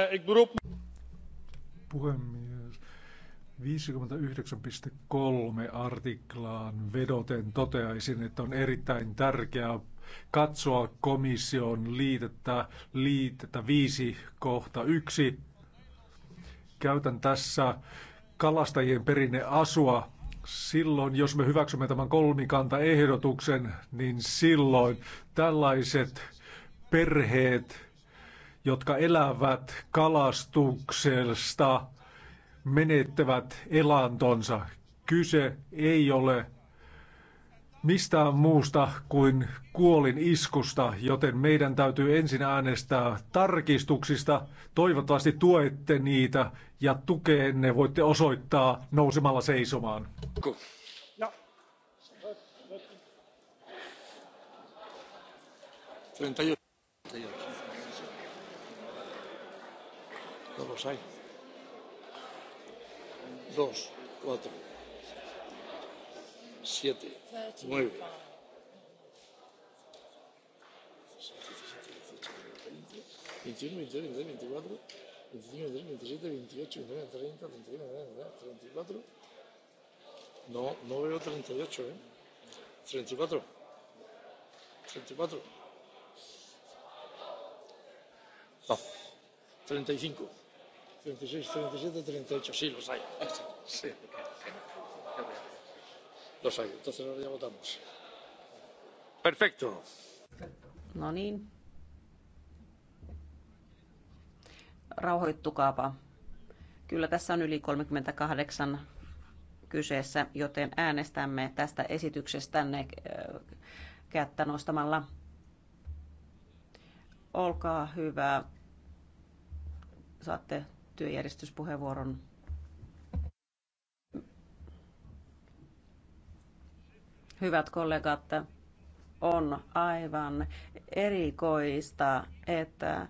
Äh, Puhemies, 59.3 artiklaan vedoten toteaisin, että on erittäin tärkeää katsoa komission liitettä, liitettä 5 kohta 1. Käytän tässä kalastajien perinne asua. Silloin, jos me hyväksymme tämän kolmikantaehdotuksen, niin silloin tällaiset perheet, jotka elävät kalastuksesta, menettävät elantonsa. Kyse ei ole mistään muusta kuin kuolin iskusta, joten meidän täytyy ensin äänestää tarkistuksista. Toivottavasti tuette niitä ja tukeenne voitte osoittaa nousemalla seisomaan. No los dos cuatro siete nueve veintiuno veintidós veintitrés veinticuatro veinticinco veintiséis veintisiete veintiocho veintinueve treinta treinta y uno treinta y dos treinta y cuatro no no veo treinta y ocho eh treinta y cuatro treinta y cuatro no treinta y cinco no niin rauhoittukaapa kyllä tässä on yli kolmekymmentäkahdeksan kyseessä joten äänestämme tästä esityksestänne äh, kättä nostamalla olkaa hyvä saatte työjärjestyspuheenvuoron. Hyvät kollegat, on aivan erikoista, että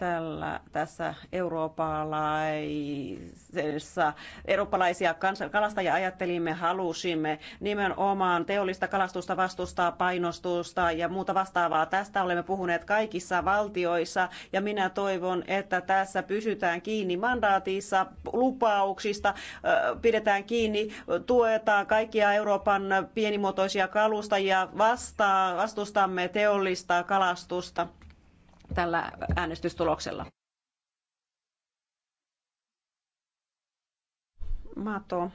tällä, tässä eurooppalaisessa, eurooppalaisia kalastajia ajattelimme, halusimme nimenomaan teollista kalastusta vastustaa, painostusta ja muuta vastaavaa. Tästä olemme puhuneet kaikissa valtioissa ja minä toivon, että tässä pysytään kiinni mandaatissa, lupauksista, pidetään kiinni, tuetaan kaikkia Euroopan pienimuotoisia kalustajia, vastaa, vastustamme teollista kalastusta tällä äänestystuloksella. Mato.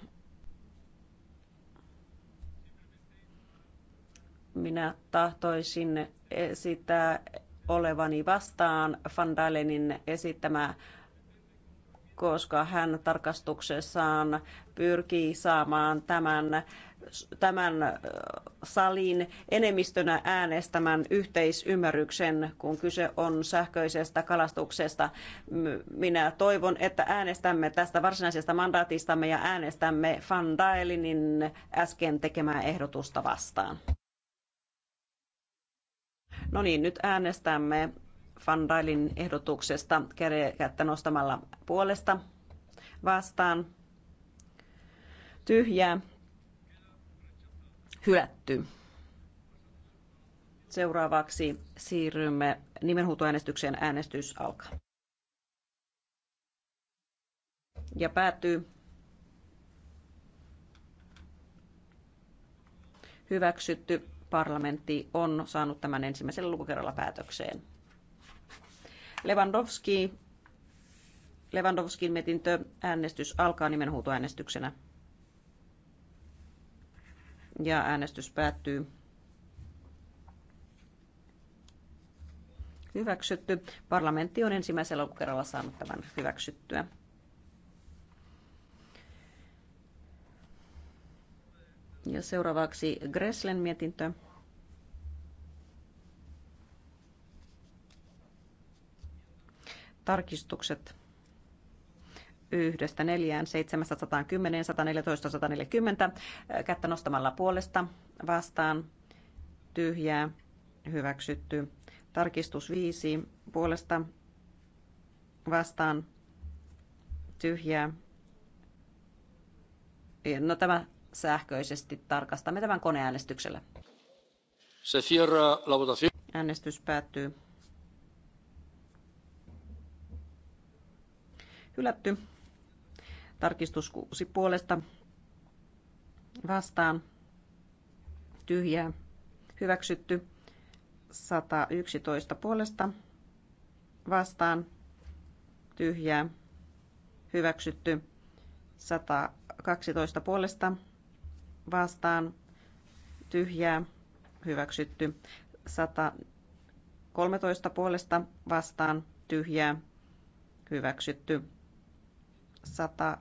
Minä tahtoisin esittää olevani vastaan Van Dalenin esittämää koska hän tarkastuksessaan pyrkii saamaan tämän tämän salin enemmistönä äänestämän yhteisymmärryksen, kun kyse on sähköisestä kalastuksesta. Minä toivon, että äänestämme tästä varsinaisesta mandaatistamme ja äänestämme Van Daelinin äsken tekemää ehdotusta vastaan. No niin, nyt äänestämme Van Daelin ehdotuksesta kättä nostamalla puolesta vastaan. Tyhjää hylätty. Seuraavaksi siirrymme nimenhuutoäänestykseen. Äänestys alkaa. Ja päättyy. Hyväksytty. Parlamentti on saanut tämän ensimmäisellä lukukerralla päätökseen. Lewandowski, Lewandowskin metintö Äänestys alkaa nimenhuutoäänestyksenä ja äänestys päättyy. Hyväksytty. Parlamentti on ensimmäisellä kerralla saanut tämän hyväksyttyä. Ja seuraavaksi Greslen mietintö. Tarkistukset yhdestä neljään, 710, 114, 140. Kättä nostamalla puolesta vastaan tyhjää hyväksytty. Tarkistus 5 puolesta vastaan tyhjää. No tämä sähköisesti tarkastamme tämän koneäänestyksellä. Se cierra la Äänestys päättyy. Hylätty tarkistuskuusi puolesta vastaan tyhjää hyväksytty 111 puolesta vastaan tyhjää hyväksytty 112 puolesta vastaan tyhjää hyväksytty 113 puolesta vastaan tyhjää hyväksytty 100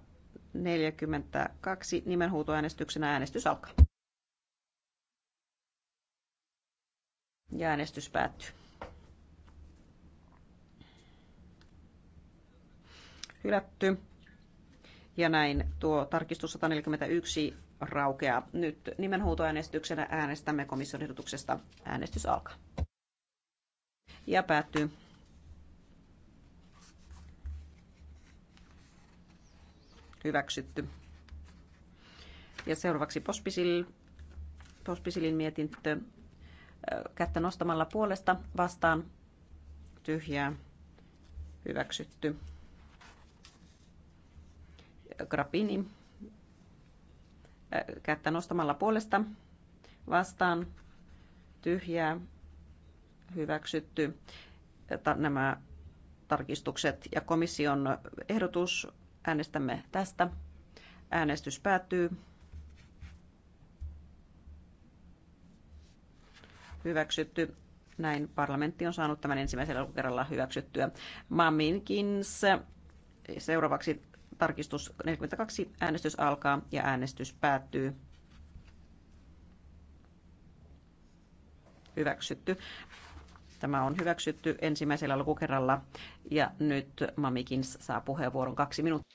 42 nimenhuutoäänestyksenä äänestys alkaa. Ja äänestys päättyy. Hylätty. Ja näin tuo tarkistus 141 raukeaa. Nyt nimenhuutoäänestyksenä äänestämme komission ehdotuksesta. Äänestys alkaa. Ja päättyy. hyväksytty. Ja seuraavaksi Pospisil, Pospisilin mietintö kättä nostamalla puolesta vastaan tyhjää hyväksytty. Grappini kättä nostamalla puolesta vastaan tyhjää hyväksytty. Nämä tarkistukset ja komission ehdotus Äänestämme tästä. Äänestys päättyy. Hyväksytty. Näin parlamentti on saanut tämän ensimmäisellä kerralla hyväksyttyä. Maminkin seuraavaksi tarkistus 42. Äänestys alkaa ja äänestys päättyy. Hyväksytty. Tämä on hyväksytty ensimmäisellä lukukerralla ja nyt Mamikins saa puheenvuoron kaksi minuuttia.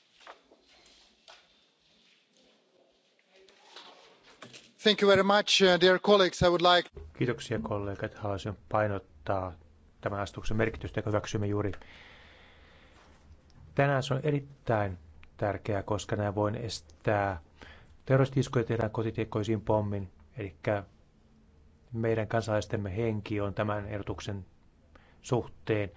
Thank you very much, uh, dear colleagues. I would like... Kiitoksia kollegat. Haluaisin painottaa tämän astuksen merkitystä, joka hyväksymme juuri tänään. Se on erittäin tärkeää, koska näin voin estää terroristiskoja tehdään kotitiekkoisiin pommin. Eli meidän kansalaistemme henki on tämän ehdotuksen suhteen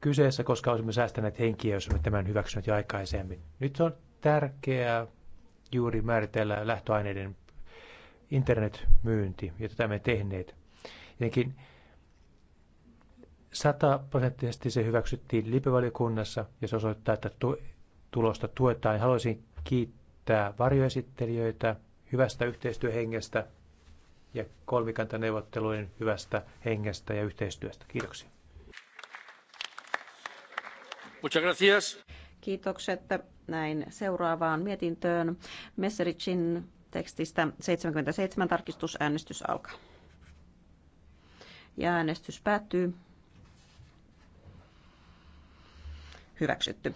kyseessä, koska olisimme säästäneet henkiä, jos olemme tämän hyväksyneet jo aikaisemmin. Nyt on tärkeää juuri määritellä lähtöaineiden internetmyynti, ja tätä me tehneet. Jotenkin sataprosenttisesti se hyväksyttiin lipivaliokunnassa, ja se osoittaa, että tulosta tuetaan. Haluaisin kiittää varjoesittelijöitä hyvästä yhteistyöhengestä ja kolmikantaneuvottelujen hyvästä hengestä ja yhteistyöstä. Kiitoksia. Muchas gracias. Kiitokset näin seuraavaan mietintöön. Messerichin tekstistä 77 tarkistusäänestys alkaa. Ja äänestys päättyy. Hyväksytty.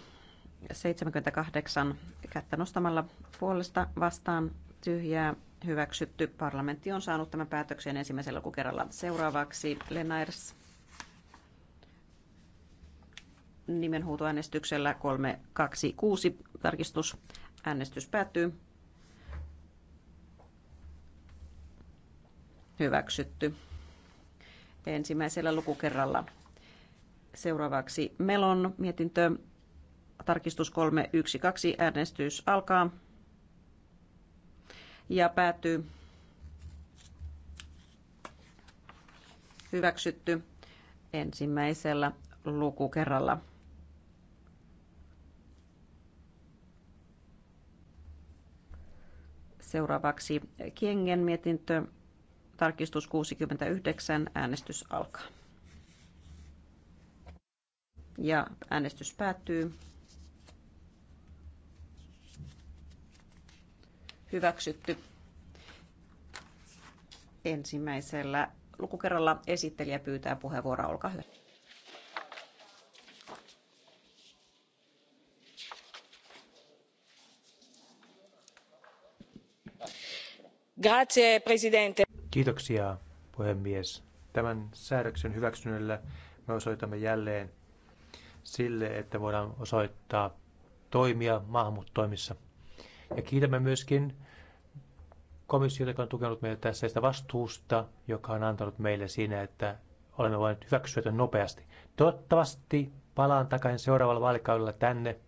78 kättä nostamalla puolesta vastaan tyhjää hyväksytty. Parlamentti on saanut tämän päätöksen ensimmäisellä lukukerralla. Seuraavaksi Lenaers nimenhuutoäänestyksellä 326 tarkistus. Äänestys päättyy. Hyväksytty. Ensimmäisellä lukukerralla. Seuraavaksi Melon mietintö. Tarkistus 312. Äänestys alkaa ja päätyy. Hyväksytty ensimmäisellä lukukerralla. Seuraavaksi Kiengen mietintö, tarkistus 69, äänestys alkaa. Ja äänestys päättyy. Hyväksytty. Ensimmäisellä lukukerralla esittelijä pyytää puheenvuoroa. Olkaa hyvä. Grazie, presidente. Kiitoksia, puhemies. Tämän säädöksen hyväksynnällä me osoitamme jälleen sille, että voidaan osoittaa toimia maahanmuuttoimissa. Ja kiitämme myöskin komissiota, joka on tukenut meitä tässä sitä vastuusta, joka on antanut meille siinä, että olemme voineet hyväksyä tämän nopeasti. Toivottavasti palaan takaisin seuraavalla vaalikaudella tänne,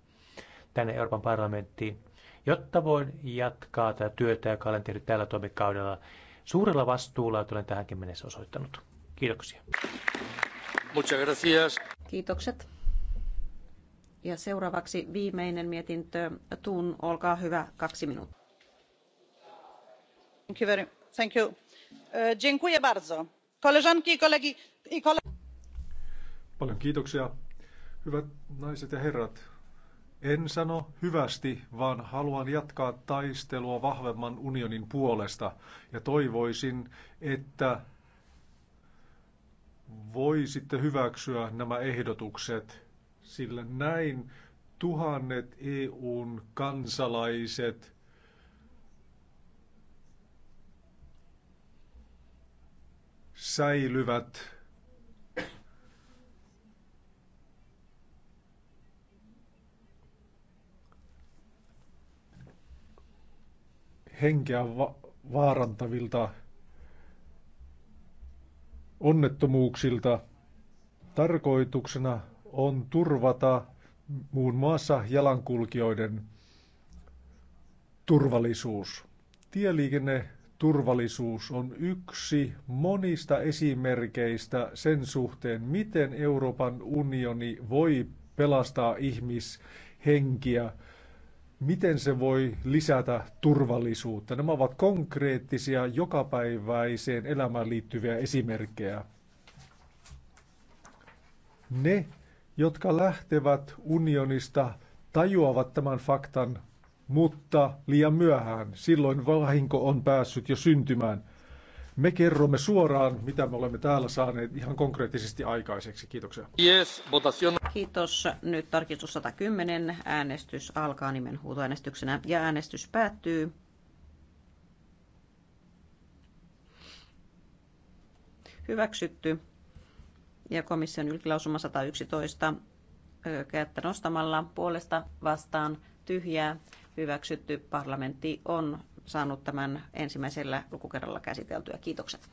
tänne Euroopan parlamenttiin jotta voin jatkaa tätä työtä, joka olen tehnyt tällä toimikaudella suurella vastuulla, jota olen tähänkin mennessä osoittanut. Kiitoksia. Muchas gracias. Kiitokset. Ja seuraavaksi viimeinen mietintö. Tuun, olkaa hyvä, kaksi minuuttia. Thank you very, thank you. Eh, dziękuję bardzo. Koleżanki kolegi i kole... Paljon kiitoksia. Hyvät naiset ja herrat, en sano hyvästi, vaan haluan jatkaa taistelua vahvemman unionin puolesta ja toivoisin, että voisitte hyväksyä nämä ehdotukset, sillä näin tuhannet EUn kansalaiset säilyvät henkeä va- vaarantavilta onnettomuuksilta. Tarkoituksena on turvata muun muassa jalankulkijoiden turvallisuus. Tieliikenne turvallisuus on yksi monista esimerkeistä sen suhteen, miten Euroopan unioni voi pelastaa ihmishenkiä miten se voi lisätä turvallisuutta. Nämä ovat konkreettisia, jokapäiväiseen elämään liittyviä esimerkkejä. Ne, jotka lähtevät unionista, tajuavat tämän faktan, mutta liian myöhään. Silloin vahinko on päässyt jo syntymään – me kerromme suoraan, mitä me olemme täällä saaneet ihan konkreettisesti aikaiseksi. Kiitoksia. Yes, votation. Kiitos. Nyt tarkistus 110. Äänestys alkaa nimen huutoäänestyksenä ja äänestys päättyy. Hyväksytty. Ja komission ylkilausuma 111 kättä nostamalla puolesta vastaan tyhjää hyväksytty parlamentti on saanut tämän ensimmäisellä lukukerralla käsiteltyä. Kiitokset.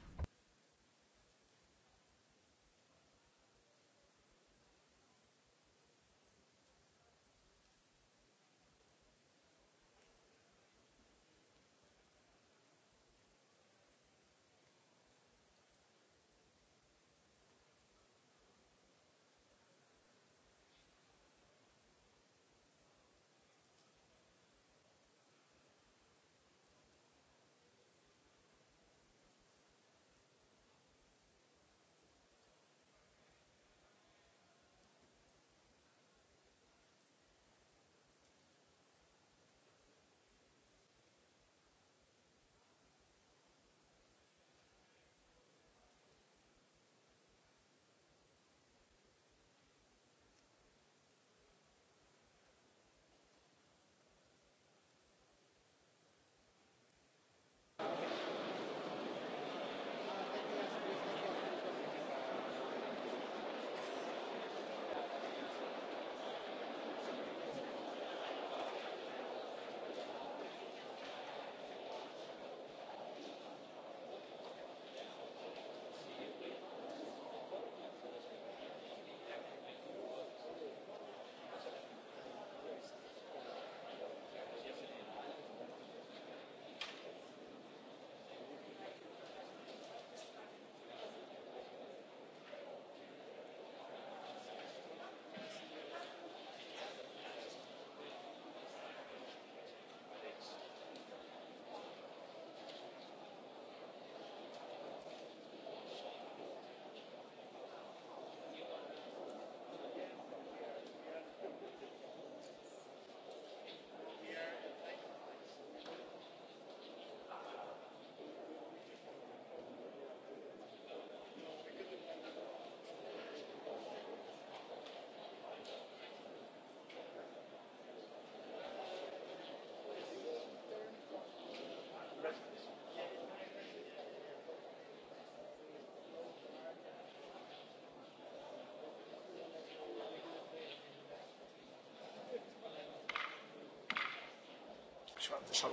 muchas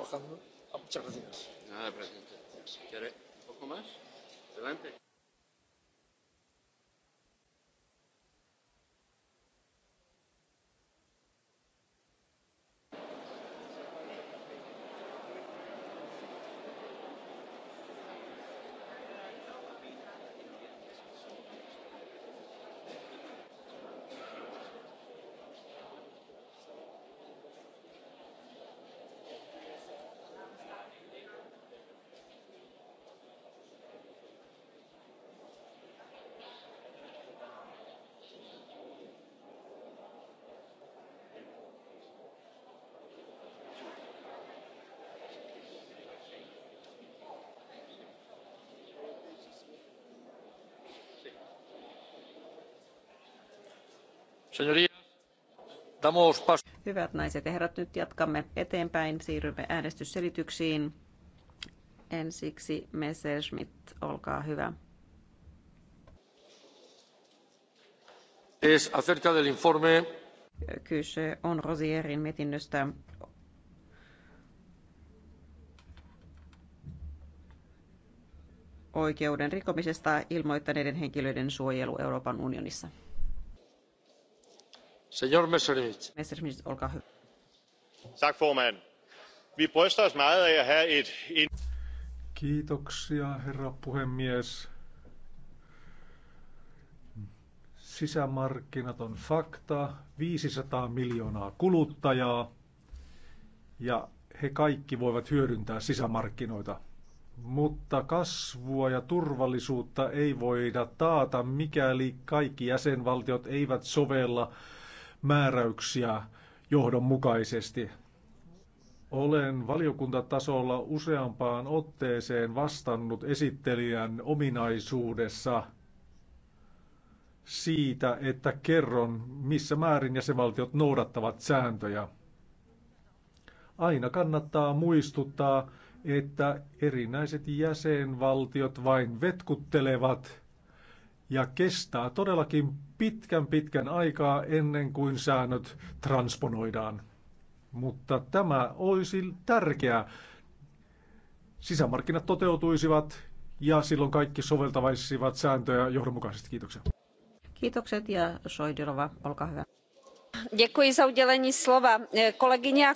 gracias. Hyvät naiset ja herrat, nyt jatkamme eteenpäin. Siirrymme äänestysselityksiin. Ensiksi Messerschmitt, olkaa hyvä. Es acerca del informe. Kyse on Rosierin mietinnöstä oikeuden rikomisesta ilmoittaneiden henkilöiden suojelu Euroopan unionissa. Kiitoksia, herra puhemies. Sisämarkkinat on fakta, viisisataa miljoonaa kuluttajaa ja he kaikki voivat hyödyntää sisämarkkinoita. Mutta kasvua ja turvallisuutta ei voida taata, mikäli kaikki jäsenvaltiot eivät sovella määräyksiä johdonmukaisesti. Olen valiokuntatasolla useampaan otteeseen vastannut esittelijän ominaisuudessa siitä, että kerron, missä määrin jäsenvaltiot noudattavat sääntöjä. Aina kannattaa muistuttaa, että erinäiset jäsenvaltiot vain vetkuttelevat ja kestää todellakin pitkän pitkän aikaa ennen kuin säännöt transponoidaan. Mutta tämä olisi tärkeää. Sisämarkkinat toteutuisivat ja silloin kaikki soveltavaisivat sääntöjä johdonmukaisesti. Kiitoksia. Kiitokset ja Soidirova, olkaa hyvä. Děkuji za slova. Kolegyně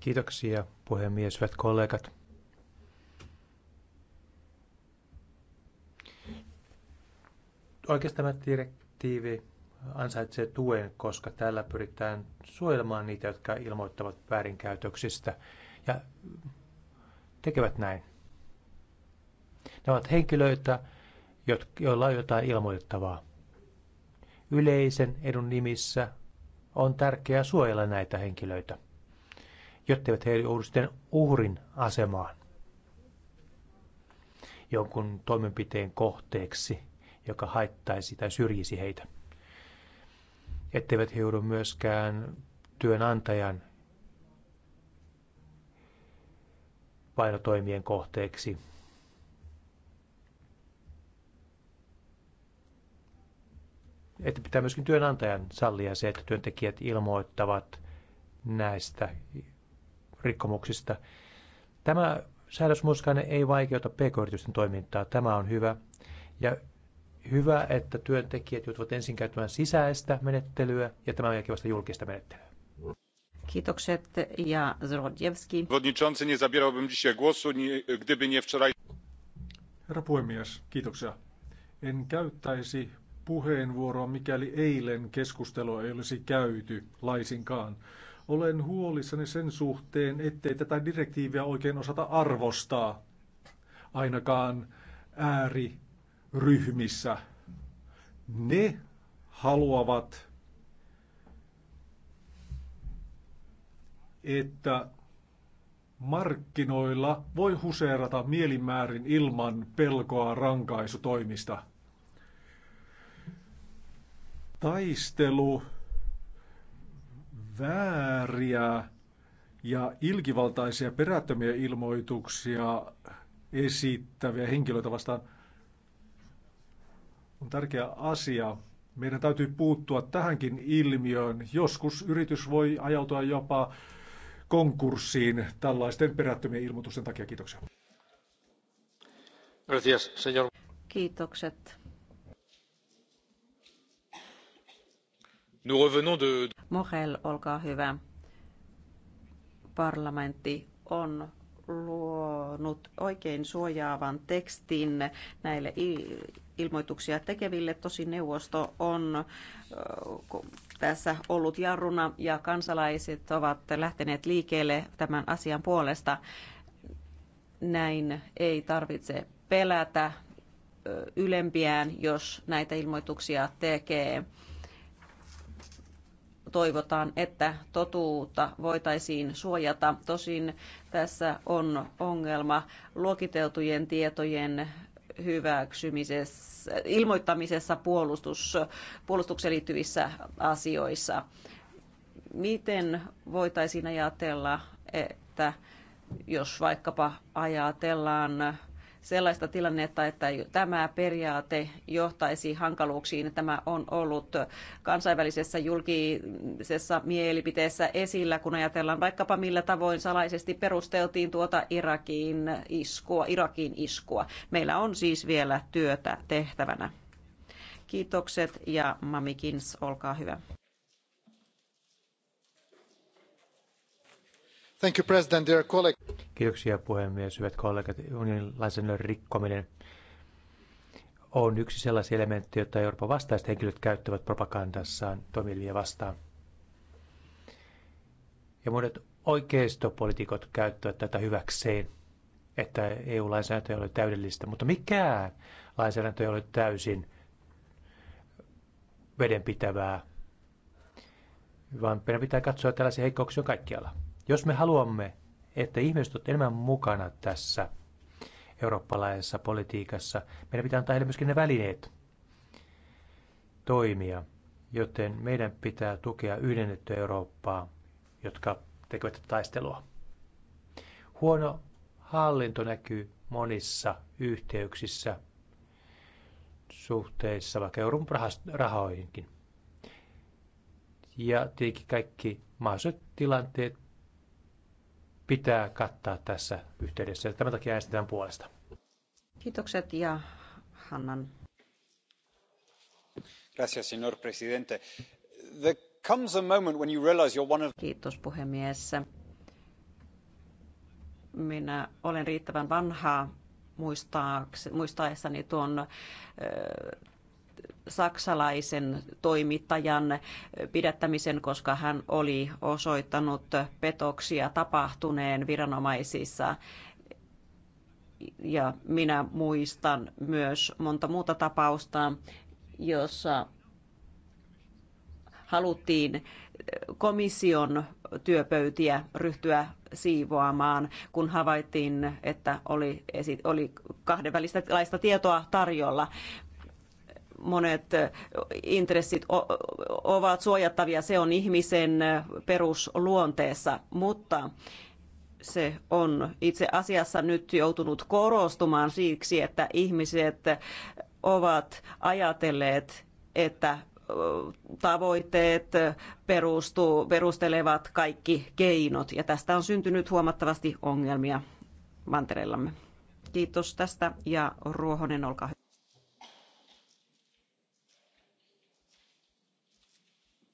Kiitoksia puhemies, hyvät kollegat. Oikeastaan tämä direktiivi ansaitsee tuen, koska tällä pyritään suojelemaan niitä, jotka ilmoittavat väärinkäytöksistä ja tekevät näin. Ne ovat henkilöitä, joilla on jotain ilmoitettavaa. Yleisen edun nimissä on tärkeää suojella näitä henkilöitä, jotteivät he joudu sitten uhrin asemaan jonkun toimenpiteen kohteeksi – joka haittaisi tai syrjisi heitä. Etteivät he joudu myöskään työnantajan painotoimien kohteeksi. Että pitää myöskin työnantajan sallia se, että työntekijät ilmoittavat näistä rikkomuksista. Tämä säädösmuskainen ei vaikeuta pk-yritysten toimintaa. Tämä on hyvä. Ja hyvä, että työntekijät joutuvat ensin käyttämään sisäistä menettelyä ja tämän jälkeen vasta julkista menettelyä. Kiitokset ja Zrodjevski. Przewodniczący, nie zabierałbym dzisiaj głosu, gdyby nie wczoraj... Herra puhemies, kiitoksia. En käyttäisi puheenvuoroa, mikäli eilen keskustelua ei olisi käyty laisinkaan. Olen huolissani sen suhteen, ettei tätä direktiiviä oikein osata arvostaa, ainakaan ääri ryhmissä, ne haluavat, että markkinoilla voi huseerata mielimäärin ilman pelkoa rankaisutoimista. Taistelu vääriä ja ilkivaltaisia perättömiä ilmoituksia esittäviä henkilöitä vastaan – on tärkeä asia. Meidän täytyy puuttua tähänkin ilmiöön. Joskus yritys voi ajautua jopa konkurssiin tällaisten perättömien ilmoitusten takia. Kiitoksia. Gracias, señor. Kiitokset. Nous revenons de... Morel, olkaa hyvä. Parlamentti on luonut oikein suojaavan tekstin näille ilmoituksia tekeville. Tosin neuvosto on tässä ollut jarruna ja kansalaiset ovat lähteneet liikkeelle tämän asian puolesta. Näin ei tarvitse pelätä ylempiään, jos näitä ilmoituksia tekee toivotaan, että totuutta voitaisiin suojata. Tosin tässä on ongelma luokiteltujen tietojen hyväksymisessä, ilmoittamisessa puolustus, puolustukseen liittyvissä asioissa. Miten voitaisiin ajatella, että jos vaikkapa ajatellaan sellaista tilannetta, että tämä periaate johtaisi hankaluuksiin. Tämä on ollut kansainvälisessä julkisessa mielipiteessä esillä, kun ajatellaan vaikkapa millä tavoin salaisesti perusteltiin tuota Irakin iskua. Irakin iskua. Meillä on siis vielä työtä tehtävänä. Kiitokset ja Mamikins, olkaa hyvä. Thank you, President, dear colleague. Kiitoksia puhemies, hyvät kollegat. Unionin lainsäädännön rikkominen on yksi sellaisia elementtejä, joita Euroopan vastaiset henkilöt käyttävät propagandassaan toimivia vastaan. Ja monet oikeistopolitiikot käyttävät tätä hyväkseen, että EU-lainsäädäntö ei ole täydellistä, mutta mikään lainsäädäntö ei ole täysin vedenpitävää, vaan meidän pitää katsoa tällaisia heikkouksia kaikkialla. Jos me haluamme, että ihmiset ovat enemmän mukana tässä eurooppalaisessa politiikassa, meidän pitää antaa heille myöskin ne välineet toimia, joten meidän pitää tukea yhdennettyä Eurooppaa, jotka tekevät tätä taistelua. Huono hallinto näkyy monissa yhteyksissä suhteissa, vaikka Euroopan rahoihinkin. Ja tietenkin kaikki mahdolliset tilanteet pitää kattaa tässä yhteydessä. Ja tämän takia äänestetään puolesta. Kiitokset ja Hannan. Gracias, señor presidente. There comes a moment when you realize you're one of... Kiitos puhemies. Minä olen riittävän vanhaa muistaessani tuon saksalaisen toimittajan pidättämisen, koska hän oli osoittanut petoksia tapahtuneen viranomaisissa ja minä muistan myös monta muuta tapausta, jossa haluttiin komission työpöytiä ryhtyä siivoamaan, kun havaittiin, että oli, oli kahdenvälistä laista tietoa tarjolla monet intressit ovat suojattavia, se on ihmisen perusluonteessa, mutta se on itse asiassa nyt joutunut korostumaan siksi, että ihmiset ovat ajatelleet, että tavoitteet perustuu, perustelevat kaikki keinot, ja tästä on syntynyt huomattavasti ongelmia mantereillamme. Kiitos tästä, ja Ruohonen, olkaa hyvä.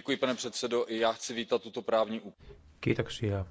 pane předsedající i já chci vítat tuto právní úpravu.